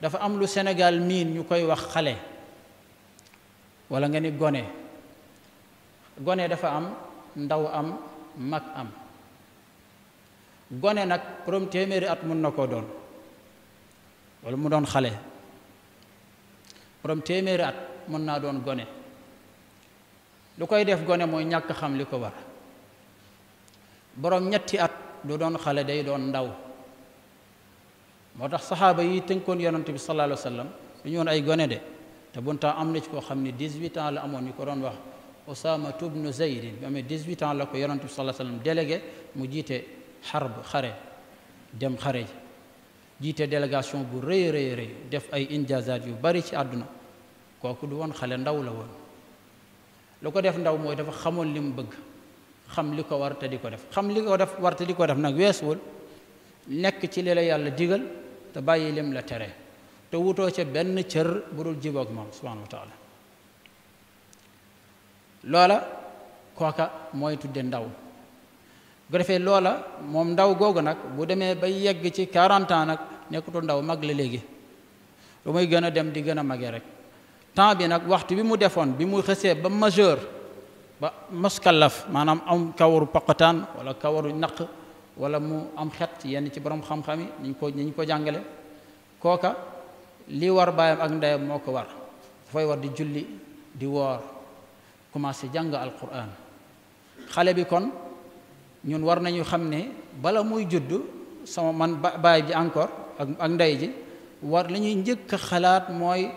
dafa am lu Sénégal miin ñu koy wax xale walla nga ni gone gone dafa am ndaw am mag am gone nag borom téeméeri at mun na koo doon walla mu doon xale borom téeméeri at mën naa doon gone lu koy def gone mooy ñàkk xam li ko war borom ñetti at du doon xale day doon ndaw motax sahaba saxaaba yi tënkoon yonante bi sallallahu alayhi wasallam dañu won ay gone de te buntaa am na ci ko xamni 18 ans la amone ñu ko don wax usama ibn Zayd bi amé 18 ans la ko yonante bi sallallahu alayhi wasallam délégué mu jité harb xare dem xare jité délégation bu rëy rëy rëy def ay injazat yu bari ci aduna koku du won xale ndaw la won lako def ndaw moy dafa xamone lim bëgg xam liko ko war te di def xam liko def war te di def nak wessul nek ci lila yàlla digal te bàyyi lim la tere te wutoo ca benn cër bu dul jiboog moom subhanahu wa taala loola kooka mooy tudde ndaw bu defee loola moom ndaw googu nag bu demee ba yegg ci 40 ans nag nekkutu ndaw mag la léegi lu muy gën a dem di gën a mage rek temps bi nag waxtu bi mu defoon bi mu xësee ba majeur ba moskallaf maanaam am kawaru poqataan wala kawaru naq wala mu am xet yenn ci borom xam-xam yi ko niñ ko jàngale kooka li war baayam ak ndeyam moo war dafay war di julli di woor commencé jàng alquran xale bi kon ñun war nañu xam bala muy judd sama man baay ji encore ak ak ji war li ñuy njëkk a xalaat jangga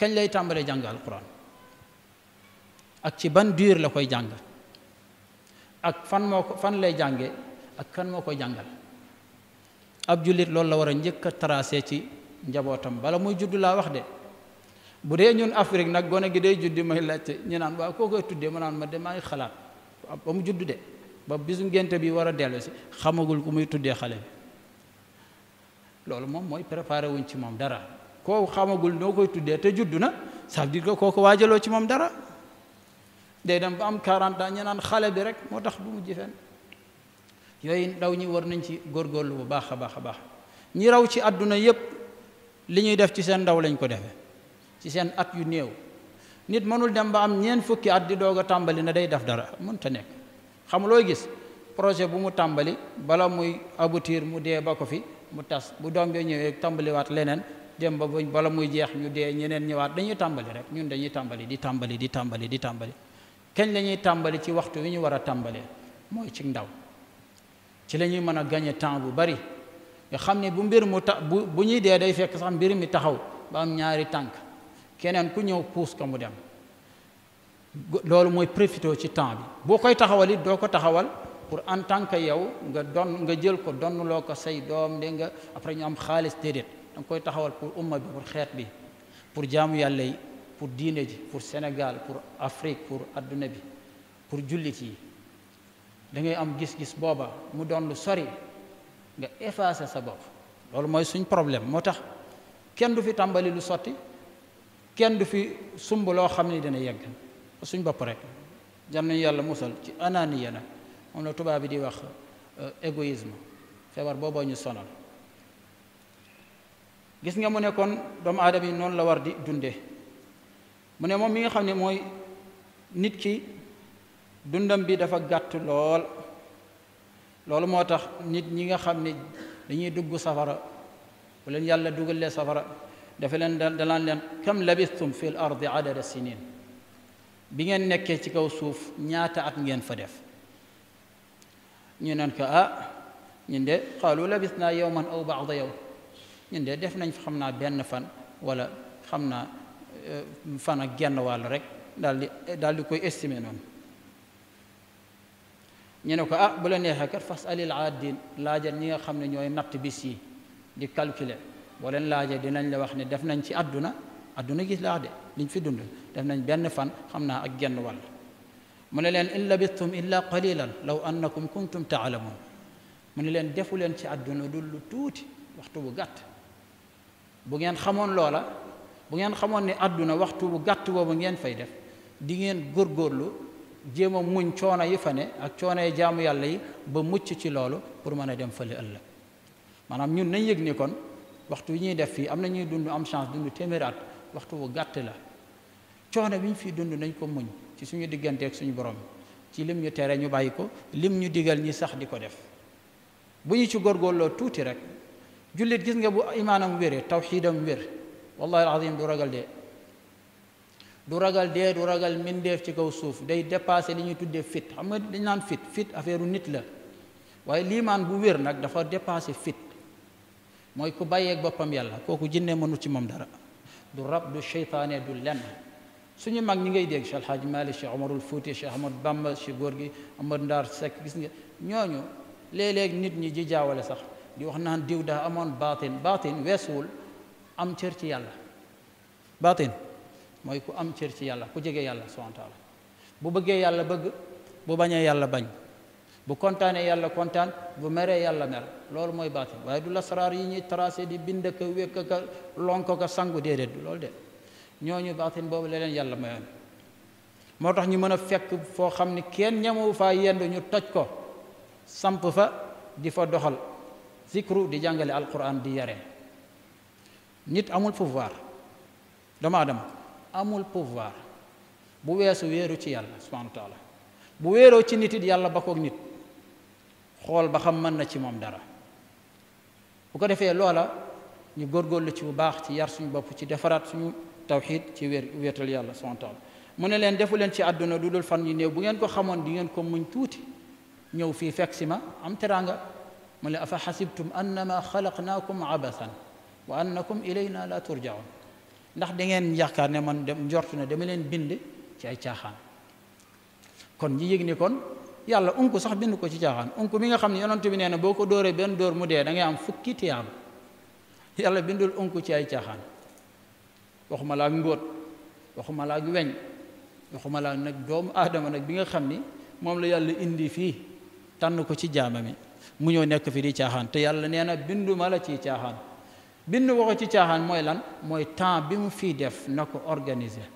kañ lay tàmbalee alquran ak ci ban diir la koy ak fan moo ko fan lay jànge ak kan moo koy jàngal ab jullit loolu la war a njëkk a tracé ci njabootam bala muy judd laa wax de bu dee ñun Afrique nag gone gi day juddi may laajte ñu naan waaw koo koy tuddee ma naan ma demaay maa xalaat ba mu judd de ba bisu ngénte bi war a dellu xamagul ku muy tuddee xale bi loolu moom mooy préparé wuñ ci moom dara koo xamagul noo koy tuddee te juddu na ça veut dire que kooku waajaloo ci moom dara day dem ba am 40 ans ñu naan xale bi rek moo tax du mujj fenn yooyu ndaw ñi war nañ ci góorgóorlu bu baax a baax a baax ñi raw ci àdduna yépp li ñuy def ci seen ndaw lañ ko defee ci seen at yu néew nit mënul dem ba am ñeent fukki at di doog a tàmbali na day def dara mënta nekk xam looy gis projet bu mu tàmbali bala muy aboutir mu dee ba ko fi mu tas bu doom bi ñëwee tàmbaliwaat leneen dem ba bala muy jeex ñu dee ñeneen ñëwaat dañuy tàmbali rek ñun dañuy tàmbali di tàmbali di tàmbali di tàmbali kañ la ñuy tàmbali ci waxtu wi ñu war a tàmbalee mooy ci ndaw ci lañuy ñuy mën a gañe temps bu bari nga xam ne bu mbir mu ta bu bu ñuy dee day fekk sax mbir mi taxaw ba am ñaari tànk keneen ku ñëw puus ko mu dem loolu mooy profité ci temps bi boo koy taxawal it doo ko taxawal pour en tant que yow nga don nga jël ko donnuloo ko say doom de nga après ñu am xaalis déedéet da nga koy taxawal pour umma bi pour xeet bi pour jaamu yàlla yi pour diine ji pour Sénégal pour Afrique pour adduna bi pour jullit yi da ngay am gis-gis booba mu doon lu sori nga effacer sa bopp loolu mooy suñ problème moo tax kenn du fi tàmbali lu sotti kenn du fi sumb loo xam ni dina yegg suñ bopp rek jam nañu yàlla musal ci ananiya nag moom la tubaab bi di wax euh, égoïsme feebar booboo ñu sonal gis nga mu ne kon doomu aadama yi noonu la war di dunde mu ne moom mi nga xam ne mooy nit ki dundam bi dafa gàtt lool loolu moo tax nit ñi nga xam ne dañuy dugg safara bu leen yàlla dugalee safara dafa leen dalaan leen kam labistum fi l ardi adada sinin bi ngeen nekkee ci kaw suuf ñaata at ngeen fa def ñu naan ko ah ñun de qaalu labis naa yowman aw baada yow ñun de def nañ fa xam naa benn fan wala xam naa fana genn wàll rek dal di dal di koy estimer noonu ñu ne ko ah bu la neexee kat fas alil aadin laajal ñi nga xam ne ñooy natt bis yi di calculer boo leen laajee dinañ la wax ne def nañ ci àdduna àdduna gis laa de liñ fi dund def nañ benn fan xam naa ak genn wàll mu ne leen in illa qalilan law annakum kuntum taalamun mu ne leen defu leen ci àdduna dul lu tuuti waxtu bu gàtt bu ngeen xamoon loola bu ngeen xamoon ne àdduna waxtu bu gàtt boobu ngeen fay def di ngeen góorgóorlu jéem a muñ coono yi fa ne ak coono yi jaamu yàlla yi ba mucc ci loolu pour mën a dem fële ëllëg maanaam ñun nañ yëg ni kon waxtu yi ñuy def fii am na ñuy dund am chance dund téeméeraat waxtu bu gàtt la coono bi ñu fiy dund nañ ko muñ ci suñu diggante ak suñu borom ci lim ñu tere ñu bàyyi ko lim ñu digal ñi sax di ko def bu ñu ci góorgóorloo tuuti rek jullit gis nga bu imaanam wéree tawxiidam wér والله العظيم دو راغال دي دو راغال دي دو راغال من ديف تي كو سوف داي ديباسي لي ني تودي فيت خم نغ نان فيت فيت افيرو نيت لا واي ليمان بو وير نك دا فا ديباسي فيت موي كو باي اك بوبام يالا كوكو جيني مانو تي مام دارا دو رب دو شيطان دو لن سوني ماك ني غي ديك شال حاج مالي شي عمر الفوتي شي احمد بام شي غورغي عمر ندار سك غيس ني ньоньо لليك نيت ني جي جاوله صاح دي وخ نان ديو دا امون باطن باطن ويسول am cër ci yàlla baatin mooy ku am cër ci yàlla ku jege yàlla subhana taala bu bëggee yàlla bëgg bu bañee yàlla bañ bu kontaanee yàlla kontaan bu meree yàlla mer loolu mooy baatin waaye du la lasaraar yi ñuy tracé di bind ka wékk ka lonk ka sangu déedéet du loolu de ñooñu baatin boobu leen yàlla mayoon moo tax ñu mën a fekk foo xam ni kenn ñamu faa yendu ñu toj ko samp fa di fa doxal zikru di jàngale alquran di yare nit amul pouvoir dama adam amul pouvoir bu wessu wéeru ci yàlla subhanahu wa taala bu wéro ci nit yàlla bako koog nit xol ba xam man na ci mom dara bu ko defé lola ñu góorgóorlu ci bu baax ci yar suñu bop ci defarat suñu tawhid ci wér wétal yàlla subhanahu wa taala mu ne len defu len ci aduna dudul fan yu néew bu ngeen ko xamone di ngeen ko muñ tuuti ñëw fi fexima am teranga mu ne afa hasibtum annama khalaqnakum abathan wa annakum ilayna la turjaun ndax da ngeen yaakaar ne man dem njort ne dama leen bind ci ay caaxaan kon ñi yëg ni kon yàlla unku sax bind ko ci caaxaan unku mi nga xam ne yonent bi nee na boo ko dóoree benn dóor mu dee da ngay am fukki tiyaam yàlla bindul unku ci ay caaxaan waxuma laa ngóot waxuma laa weñ waxuma laa nag doomu aadama nag bi nga xam ni moom la yàlla indi fii tànn ko ci mi mu ñëw nekk fi di caaxaan te yàlla nee na binduma la ci caaxaan بن وقتي تاعهم موي لان موي تان بيم في ديف نكو اورغانيزي